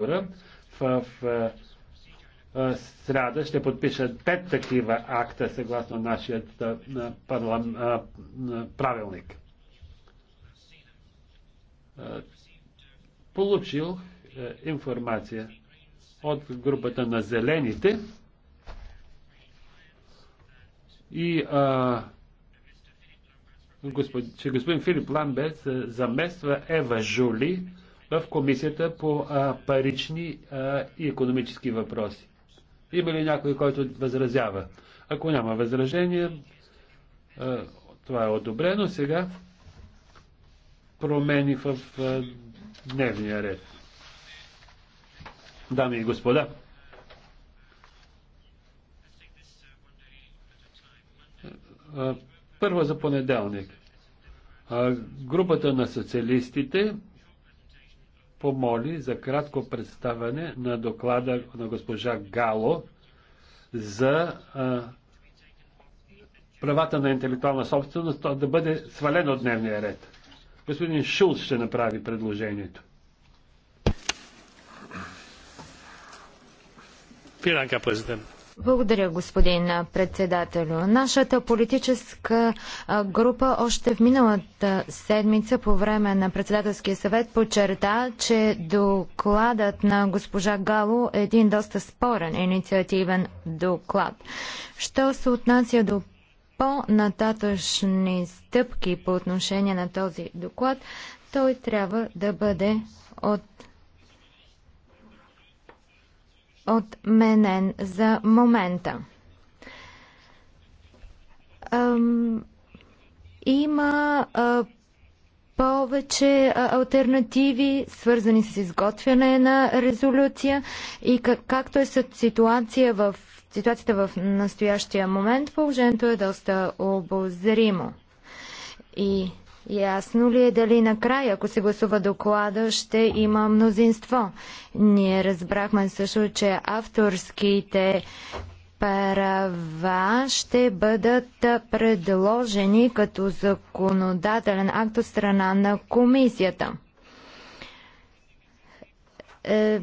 в е, е, среда ще подпишат пет такива акта съгласно нашия е, правилник. Получил информация от групата на зелените и а, господ, че господин Филип Ламбец замества Ева Жули, в Комисията по а, парични а, и економически въпроси. Има ли някой, който възразява? Ако няма възражение, а, това е одобрено. Сега промени в а, дневния ред. Дами и господа, а, първо за понеделник. А, групата на социалистите помоли за кратко представяне на доклада на госпожа Гало за а, правата на интелектуална собственост да бъде свален от дневния ред. Господин Шулц ще направи предложението. Пиранка, президент. Благодаря, господин председателю. Нашата политическа група още в миналата седмица по време на председателския съвет подчерта, че докладът на госпожа Гало е един доста спорен инициативен доклад. Що се отнася до по-нататъчни стъпки по отношение на този доклад, той трябва да бъде от отменен за момента. Има повече альтернативи, свързани с изготвяне на резолюция и как, както е ситуация в, ситуацията в настоящия момент, положението е доста обозримо. И Ясно ли е дали накрая, ако се гласува доклада, ще има мнозинство? Ние разбрахме също, че авторските права ще бъдат предложени като законодателен акт от страна на комисията. Е,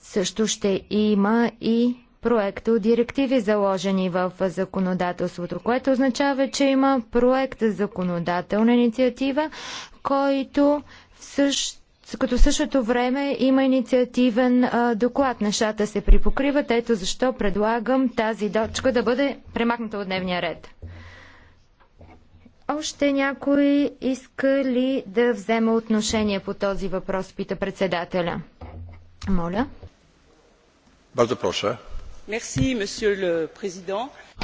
също ще има и проекто директиви заложени в законодателството, което означава, че има проект законодателна инициатива, който всъщност като в същото време има инициативен а, доклад. Нещата се припокриват. Ето защо предлагам тази точка да бъде премахната от дневния ред. Още някой иска ли да вземе отношение по този въпрос, пита председателя. Моля. Бързо проша.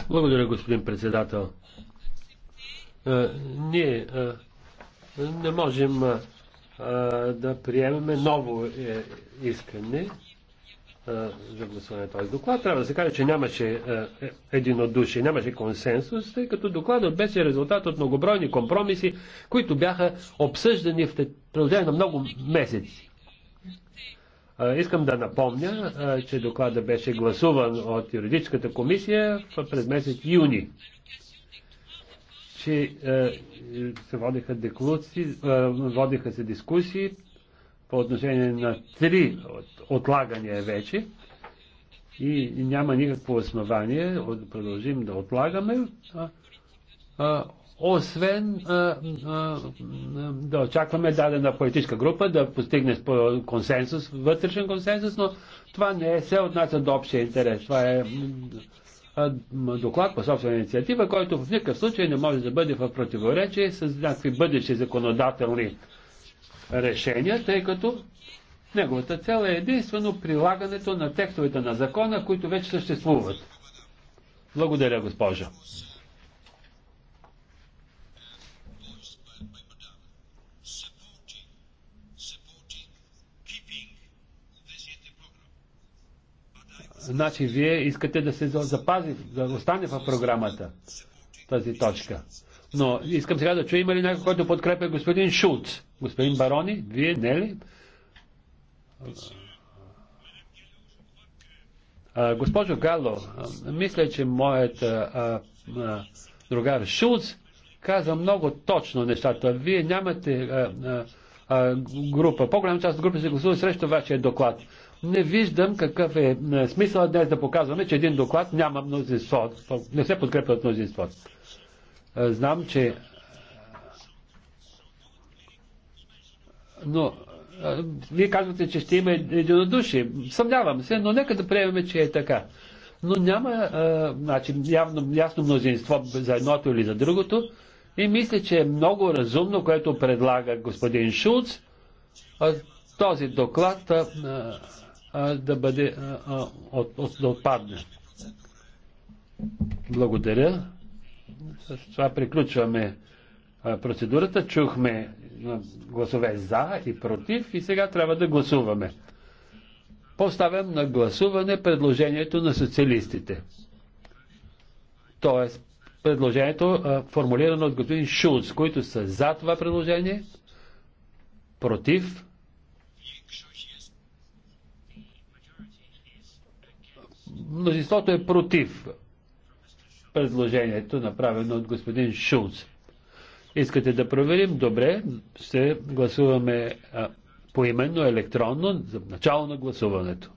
Благодаря, господин председател. Е, ние е, не можем е, да приемеме ново искане за гласуване този доклад. Трябва да се каже, че нямаше единодушие, нямаше консенсус, тъй като докладът беше резултат от многобройни компромиси, които бяха обсъждани в продължение на много месеци. Искам да напомня, че доклада беше гласуван от юридическата комисия през месец юни, че се водиха, деклуци, водиха се дискусии по отношение на три отлагания вече и няма никакво основание да продължим да отлагаме освен а, а, да очакваме дадена политическа група да постигне консенсус, вътрешен консенсус, но това не е се отнася до общия интерес. Това е доклад по собствена инициатива, който в никакъв случай не може да бъде в противоречие с някакви бъдещи законодателни решения, тъй като неговата цел е единствено прилагането на текстовете на закона, които вече съществуват. Благодаря, госпожа. значи вие искате да се запази, да остане в програмата тази точка. Но искам сега да чуя има ли някой, който подкрепя господин Шулц. Господин Барони, вие не ли? А, госпожо Гало, мисля, че моят а, а, другар Шулц каза много точно нещата. Вие нямате а, а, група. По-голяма част от група се гласува срещу вашия доклад не виждам какъв е, е смисъл днес да показваме, че един доклад няма мнозинство, не се подкрепя от мнозинство. Е, знам, че. Е, но вие казвате, че ще има единодушие. Съмнявам се, но нека да приемем, че е така. Но няма а, значи, явно, ясно мнозинство за едното или за другото. И мисля, че е много разумно, което предлага господин Шулц. А, този доклад а, да бъде а, от, от, да отпадне. Благодаря. С това приключваме процедурата. Чухме гласове за и против и сега трябва да гласуваме. Поставям на гласуване предложението на социалистите. Тоест, предложението формулирано от господин Шулц, които са за това предложение, против Мнозинството е против предложението, направено от господин Шулц. Искате да проверим? Добре, ще гласуваме а, поименно, електронно, за начало на гласуването.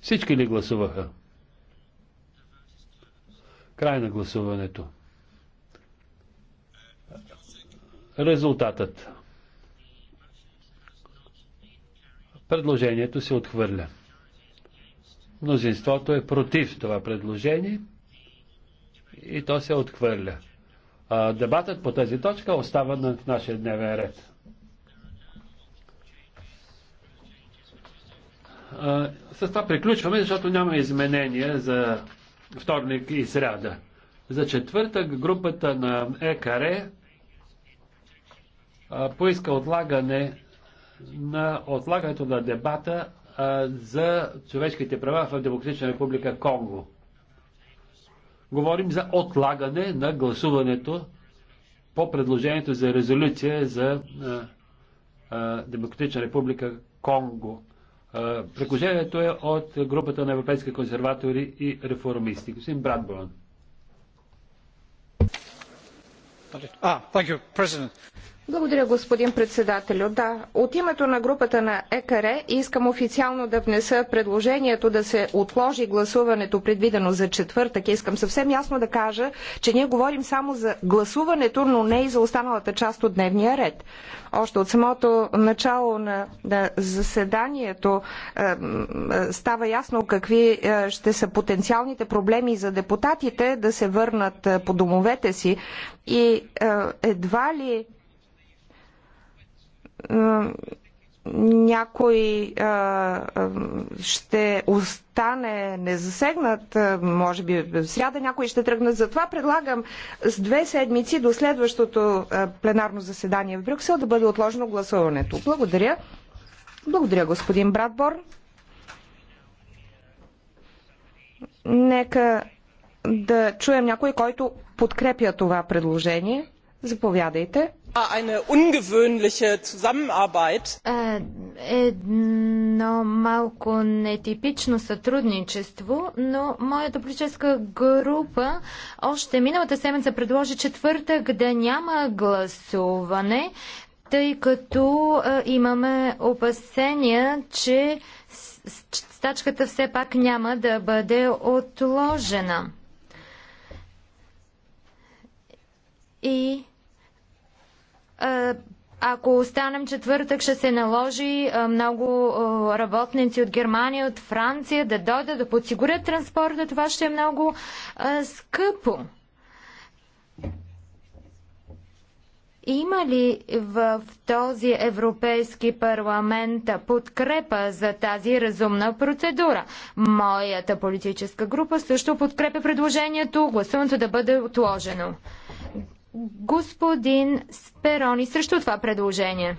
Всички ли гласуваха? Край на гласуването. Резултатът. Предложението се отхвърля. Мнозинството е против това предложение и то се отхвърля. А, дебатът по тази точка остава на нашия дневен ред. А, с това приключваме, защото няма изменения за вторник и сряда. За четвъртък групата на ЕКАРЕ поиска отлагане на отлагането на дебата за човешките права в Демократична република Конго. Говорим за отлагане на гласуването по предложението за резолюция за Демократична република Конго. Предложението е от групата на европейски консерватори и реформисти. Господин Брадбърн. Ah, thank you, President. Благодаря, господин председателю. Да, от името на групата на ЕКР искам официално да внеса предложението да се отложи гласуването предвидено за четвъртък. Искам съвсем ясно да кажа, че ние говорим само за гласуването, но не и за останалата част от дневния ред. Още от самото начало на, на заседанието е, е, става ясно какви е, ще са потенциалните проблеми за депутатите да се върнат е, по домовете си и е, едва ли някой а, ще остане незасегнат, може би в сряда някой ще тръгне. Затова предлагам с две седмици до следващото пленарно заседание в Брюксел да бъде отложено гласуването. Благодаря. Благодаря, господин Братбор. Нека да чуем някой, който подкрепя това предложение. Заповядайте eine ungewöhnliche Zusammenarbeit. Е, едно малко нетипично сътрудничество, но моята политическа група още миналата седмица предложи четвъртък да няма гласуване, тъй като е, имаме опасения, че стачката все пак няма да бъде отложена. И ако останем четвъртък, ще се наложи много работници от Германия, от Франция да дойдат да подсигурят транспорта. Това ще е много скъпо. Има ли в този Европейски парламент подкрепа за тази разумна процедура? Моята политическа група също подкрепя предложението гласуването да бъде отложено. Господин Сперони, срещу това предложение.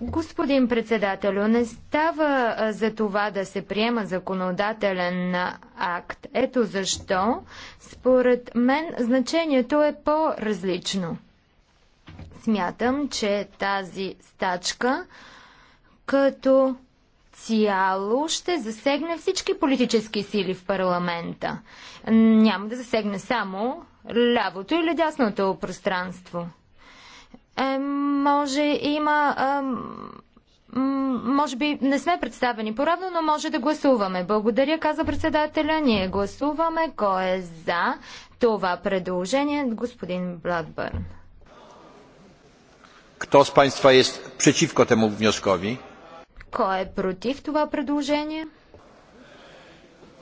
Господин председател, не става за това да се приема законодателен акт. Ето защо, според мен, значението е по-различно. Смятам, че тази стачка като цяло ще засегне всички политически сили в парламента. Няма да засегне само лявото или дясното пространство. Е, може има. Е, може би не сме представени поравно, но може да гласуваме. Благодаря, каза председателя. Ние гласуваме. Кой е за това предложение? Господин Бладбърн. Кто с Państwa jest przeciwko temu wnioskowi? Кой е против това предложение?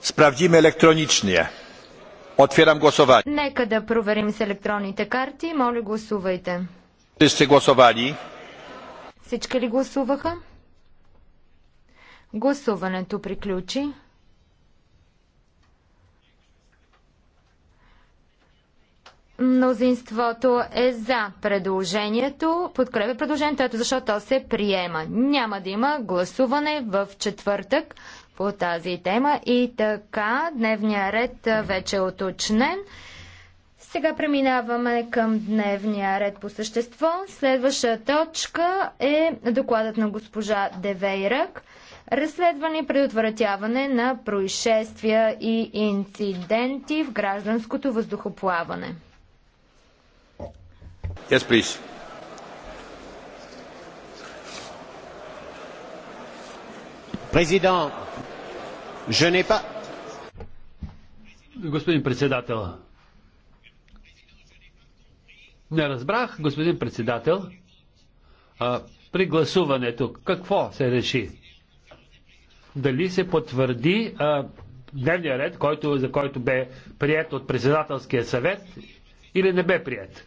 Справдиме elektronicznie. Отвирам гласуване. Нека да проверим с електронните карти. Моля, гласувайте. Сте гласували? Всички ли гласуваха? Гласуването приключи. Мнозинството е за предложението, подкрепя предложението, ето защото то се приема. Няма да има гласуване в четвъртък по тази тема. И така, дневния ред вече е уточнен. Сега преминаваме към дневния ред по същество. Следваща точка е докладът на госпожа Девейрак. Разследване и предотвратяване на происшествия и инциденти в гражданското въздухоплаване. Yes, please. Президент, Господин председател. Не разбрах, господин председател, а, при гласуването какво се реши? Дали се потвърди а, дневния ред, който, за който бе прият от председателския съвет или не бе прият?